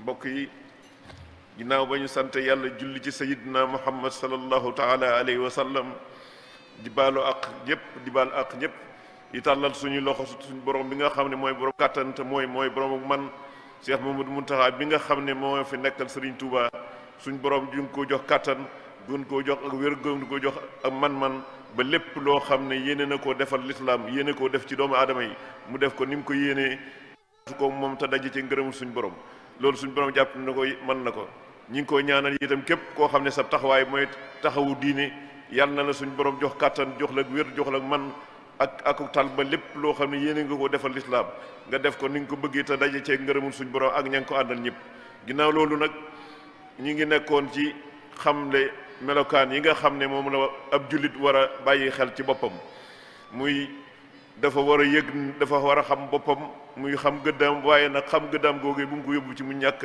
mbokk yi ginnaaw ba ñu sante yàlla julli ci sayidna muhammad sallallahu taala alayhi wa sallam di baalu ak ñëpp di baal ak ñëpp yi tàllal suñu loxo suñu borom bi nga xam ne mooy borom kàttan te mooy mooy borom ak man Cheikh Mamadou Muntaxa bi nga xam ne moo fi nekkal Serigne Touba suñu borom ju ngi ko jox kàttan gën koo jox ak wér gën ko jox ak man-man ba lépp loo xam ne yéene na koo defal lislaam yéene koo def ci doomu aadama yi mu def ko ni mu ko yéenee su moom te daje ci ngërëmul suñu borom loolu suñ borom jàpp na ko mën na ko ñi ngi koy ñaanal itam képp koo xam ne sa taxawaay mooy taxawu diine yàlla na la suñu borom jox kàttan jox lag wér jox la man ak ak tal ba lépp loo xam ne yéene nga ko defal lislaam nga def ko ni nga ko bëggee te daje cee ngërëmul suñ borom ak ña ngi ko àndal ñëpp ginnaaw loolu nag ñi ngi nekkoon ci xam xamle melokaan yi nga xam ne moom la ab jullit war a bàyyi xel ci boppam dafa war a yëg dafa war a xam boppam muy xam gëddaam waaye nag xam gëddaam googu bu mu ko yóbbu ci mu ñàkk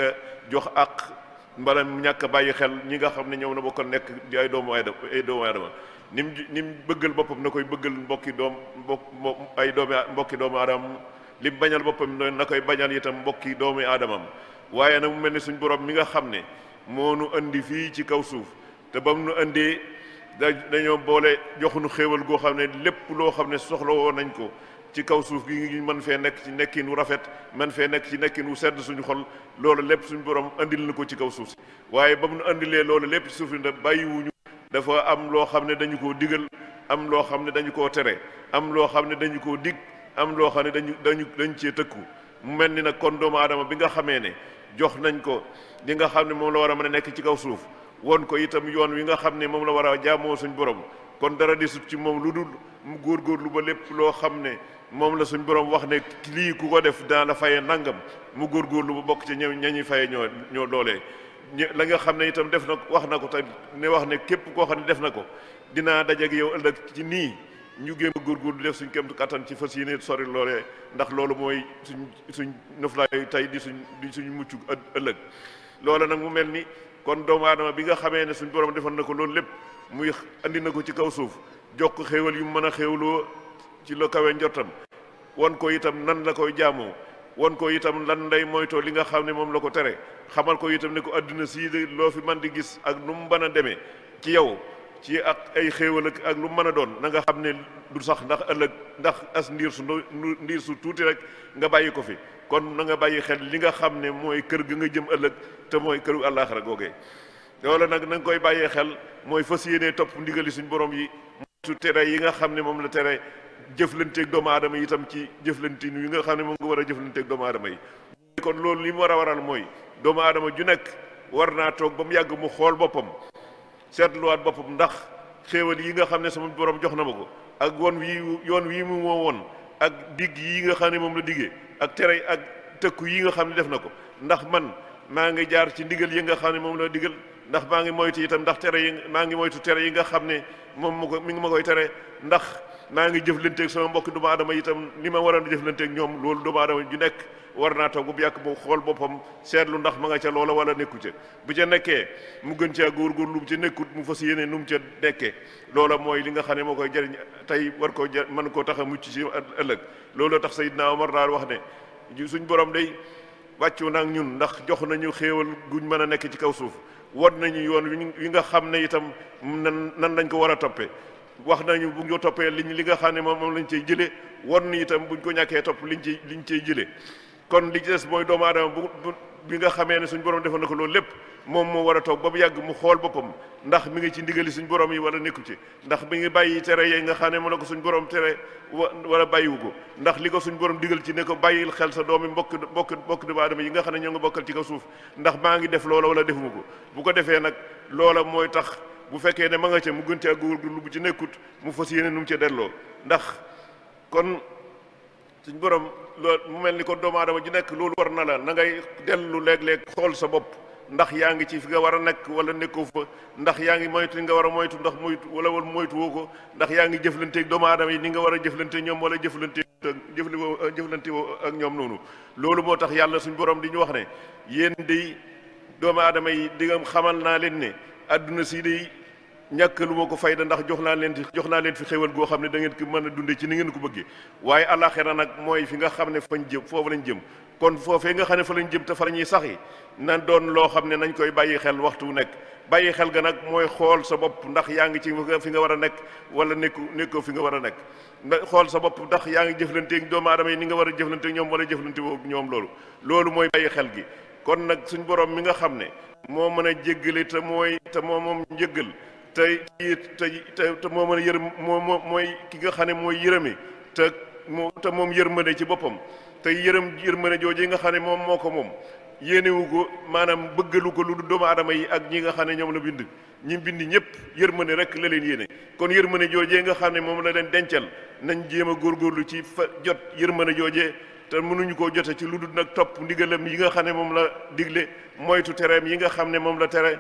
jox àq mbala mu ñàkk bàyyi xel ñi nga xam ne ñëw na ba ko nekk di ay doomu aadama ay doomu aadama ni mu ni mu bëggal boppam na koy bëggal mbokki doom mbokk ay doomi mbokki doomu aadamam li bañal boppam noonu na koy bañal itam mbokki doomi aadamam waaye nag mu mel ni suñ borom mi nga xam ne moo nu andi fii ci kaw suuf te bam nu andee da dañoo boole joxuñu xéewal goo xam ne lépp loo xam ne soxla woon nañ ko ci kaw suuf gi ngi mën fee nekk ci nekkin wu rafet mën fee nekk ci nekkin wu sedd suñu xol loolu lépp suñu borom andil na ko ci kaw suuf si waaye ba mu loolu lépp ci suuf ni da bàyyiwuñu dafa am loo xam ne dañu koo digal am loo xam ne dañu koo tere am loo xam ne dañu koo dig am loo xam ne dañu dañu dañ cee tëkku mu mel ni nag kon doomu aadama bi nga xamee ne jox nañ ko li nga xam ne moom la war a mën a nekk ci kaw suuf woon ko itam yoon wi nga xam ne moom la war a jàmmoo suñ borom kon dara desut ci moom lu dul mu góor góor lu ba lépp loo xam ne moom la suñ borom wax ne lii ku ko def daan la faye nangam mu góor góor lu ba bokk ci ña ñañuy faye ñoo ñoo doolee la nga xam ne itam def na wax na ko te ne wax ne képp koo xam ne def na ko dinaa dajeek yow ëllëg ci nii ñu géem a góorgóorlu def suñ kémtu kattan ci fas yéene sori loolee ndax loolu mooy suñ suñ noflaayu tey di suñ di suñ mucc ëllëg loola nag mu mel ni kon doomu aadama bi nga xamee ne suñ borom defoon na ko loolu lépp muy andi na ko ci kaw suuf jox ko xéewal yu mën a xéewloo ci la kawe njottam wan ko itam nan la koy jaamoo wan ko itam lan lay moytoo li nga xam ne moom la ko tere xamal ko itam ne ko àdduna sii de loo fi man di gis ak nu mu mën a demee ci yow ci ak ay xéewal ak ak mën a doon na nga xam ne du sax ndax ëllëg ndax as ndiir su ndiir su tuuti rek nga bàyyi ko fi kon na nga bàyyi xel li nga xam ne mooy kër ga nga jëm ëllëg te mooy këru àllaaxira googee loolu nag na koy bàyyee xel mooy fas yéenee topp ndigali suñu boroom yi su tere yi nga xam ne moom la tere jëflanteeg doomu aadama yi itam ci jëflantiin yi nga xam ne moom nga war a jëflanteeg doomu aadama yi kon loolu li mu war a waral mooy doomu aadama ju nekk war naa toog ba mu yàgg mu xool boppam seetluwaat boppam ndax xéewal yi nga xam ne sama borom jox na ma ko ak won wi yoon wii mu moo woon ak digg yi nga xam ne moom la diggee ak tere ak tëkku yi nga xam ne def na ko ndax man maa ngi jaar ci ndigal yi nga xam ne moom la digal ndax maa ngi moytu itam ndax tere yi maa ngi moytu tere yi nga xam ne moom ma ko mi ngi ma koy tere ndax maa ngi jëflanteeg sama mbokki doomu aadama itam ni ma waroon jëflanteeg ñoom loolu doomu aadama ju nekk war naa toog bu yàgg mu xool boppam seetlu ndax ma nga ca loola wala nekku ca bu ca nekkee mu gën caa góorgóorlu mu ca nekkut mu fas yéene nu mu ca nekkee loola mooy li nga xam ne moo koy jëriñ tey war koo jë mën koo tax a mucc ci ëllëg loolu tax Seydina Omar daal wax ne suñ borom day wàccu naag ñun ndax jox nañu xéewal guñ mën a nekk ci kaw suuf wan nañu yoon wi nga xam ne itam nan nan lañ ko war a toppee wax nañu bu ñu toppee liñ li nga xam ne moom moom lañ cey jëlee wan na itam buñ ko ñàkkee topp liñ ci liñ cey jëlee kon li ci des mooy doomu aadama bu bi nga xamee ne suñ borom defoon na ko loolu lépp moom moo war a toog ba mu yàgg mu xool boppam ndax mu ngi ci ndigali suñ borom yi wala nekku ci ndax mi ngi bàyyi tere yooyu nga xam ne mu la ko suñ borom tere wala bàyyiwu ko ndax li ko suñ borom digal ci ne ko bàyyil xel sa doomi mbokk mbokk mbokk doomu aadama yi nga xam ne ñoo ngi bokkal ci kaw suuf ndax maa ngi def loola wala defuma ko bu ko defee nag loola mooy tax bu fekkee ne ma nga ca mu gën cee góorgóorlu bu ci nekkut mu fas yéene nu mu ca delloo ndax kon suñ borom loolu mu mel ni kon doomu aadama ji nekk loolu war na la na ngay dellu léeg-léeg xool sa bopp ndax yaa ngi ci fi nga war a nekk wala nekkoo fa ndax yaa ngi moytu li nga war a moytu ndax moytu wala wala moytu woo ko ndax yaa ngi jëflanteeg doomu aadama yi ni nga war a jëflante ñoom wala jëflante jëflante ak ñoom noonu loolu moo tax yàlla suñu borom di ñu wax ne yéen day doomu aadama yi di nga xamal naa leen ne adduna si day lu ma ko fayda ndax jox naa leen jox naa leen fi xéwal goo xam ne da ngeen ko mën a dundee ci ni ngeen ko bëggee waaye alaxira nag mooy fi nga xam ne fañ jëm foofu lañ jëm kon foofee nga xam ne fa lañ jëm te fa lañuy sax yi na doon loo xam ne nañ koy bàyyi xel waxtu wu nekk bàyyi xel ga nag mooy xool sa bopp ndax yaa ngi ci fi nga war a nekk wala nekku nekkoo fi nga war a nekk xool sa bopp ndax yaa ngi jëflanteeg doomu aadama yi ni nga war a jëflanteeg ñoom wala jëflante woog ñoom loolu loolu mooy bàyyi xel gi kon nag suñ boroom mi nga xam ne moo mën a jéggale te mooy te moo moom njëggal tey tey te moo mën a yër moo moo mooy ki nga xam ne mooy yërëme te moo te moom yërmande ci boppam te yërëm yërmande jooju nga xam ne moom moo ko moom yéenewu ko maanaam bëggalu ko lu du doomu aadama yi ak ñi nga xam ne ñoom la bind ñi bind ñëpp yërmande rek la leen yéene kon yër yërmande joojee nga xam ne moom la leen dencal nañ jéem a góorgóorlu ci fa jot yërmande joojee te mënuñu koo jote ci lu dul nag topp ndigalam yi nga xam ne moom la digle moytu tereem yi nga xam ne moom la tere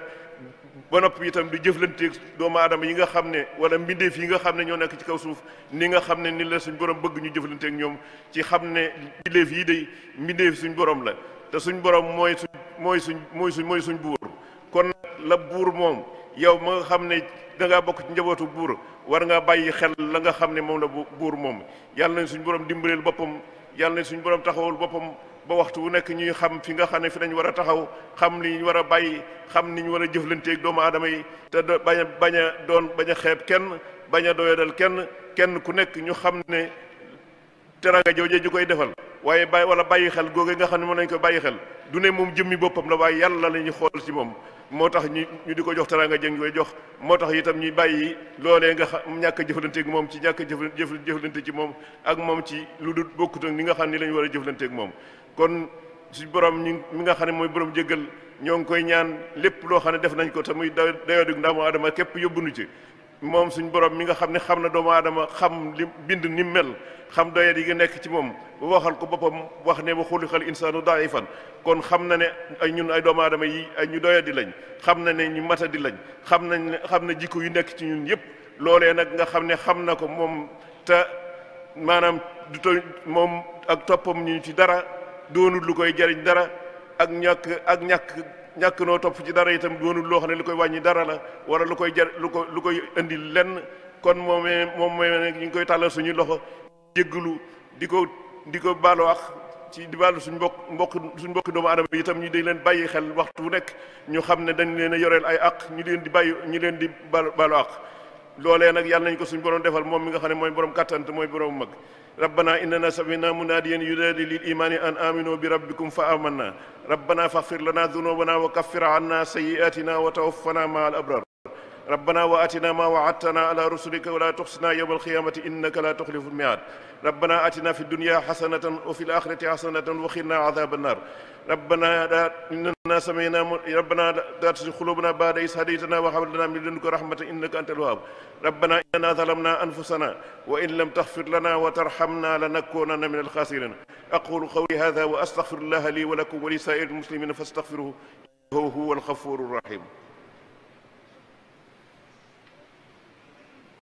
ba noppi itam du jëflanteeg doomu aadama yi nga xam ne wala mbindeef yi nga xam ne ñoo nekk ci kaw suuf ni nga xam ne ni la suñ borom bëgg ñu jëflanteeg ñoom ci xam ne mbindeef yi day mbindeef suñ borom la te suñ borom mooy suñ mooy suñ mooy suñ mooy suñ buur kon la buur moom yow ma nga xam ne da ngaa bokk ci njabootu buur war ngaa bàyyi xel la nga xam ne moom la buur moom yàlla nañ suñ borom dimbaleel boppam yàlla nañ suñ borom taxawul boppam ba waxtu wu nekk ñuy xam fi nga xam ne fi dañ war a taxaw xam li ñu war a bàyyi xam ni ñu war a jëflanteeg doomu aadama yi te bañ a bañ a doon bañ a xeeb kenn bañ a doyadal kenn kenn ku nekk ñu xam ne teraanga jooje ji koy defal waaye bàyyi wala bàyyi xel googe nga xam ne mën nañ ko bàyyi xel du ne moom jëmmi boppam waaye yàlla la ñuy xool ci moom moo tax ñu ñu di ko jox teraanga jëng koy jox moo tax itam ñuy bàyyi loolee nga xam ñàkk a jëflanteeg moom ci ñàkk a jëf jëflante ci moom ak moom ci lu dul bokkut ak ni nga xam ne lañu war a jëflanteeg moom kon suñ borom ñu mi nga xam ne mooy borom jéggal ñoo ngi koy ñaan lépp loo xam ne def nañ ko te muy dayoo dig ndaamu aadama képp yóbbunu ci moom suñ borom mi nga xam ne xam na doomu aadama xam li bind ni mel xam doyat yi nga nekk ci moom waxal ko boppam wax ne wa xuliqal insaanu daifan kon xam na ne ay ñun ay doomu aadama yi ñu doyat di lañ xam na ne ñu matadi lañ xam nañ xam na jikko yu nekk ci ñun yëpp loolee nag nga xam ne xam na ko moom te maanaam du to moom ak toppam ñu ci dara doonul lu koy jariñ dara ak ñàkk ak ñàkk ñàkk noo topp ci dara itam doonul loo xam ne lu koy wàññi dara la wala lu koy jar lu ko lu koy indi lenn kon moomee moom mooy ne ñu ngi koy tàllal suñu loxo jéggalu di ko di ko baalu ci di baalu suñ mbokk mbokk suñ mbokk doomu aadama itam ñu dañ leen bàyyi xel waxtu bu nekk ñu xam ne dañ leen a yoreel ay àq ñu leen di bàyyi ñu leen di baalu baalu àq loolee nag yàlla nañ ko suñ borom defal moom mi nga xam ne mooy borom kàttan te mooy borom mag ربنا إننا سمعنا مناديا ينادي للإيمان أن آمنوا بربكم فآمنا ربنا فاغفر لنا ذنوبنا وكفر عنا سيئاتنا وتوفنا مع الأبرار ربنا واتنا ما وعدتنا على رسلك ولا تخزنا يوم القيامه انك لا تخلف الميعاد ربنا اتنا في الدنيا حسنه وفي الاخره حسنه وقنا عذاب النار ربنا لا اننا سمعنا ربنا لا تزغ قلوبنا بعد إذ هديتنا وهب لنا من لدنك رحمه انك انت الوهاب ربنا اننا ظلمنا انفسنا وان لم تغفر لنا وترحمنا لنكونن من الخاسرين اقول قولي هذا واستغفر الله لي ولكم ولسائر المسلمين فاستغفروه هو الغفور الرحيم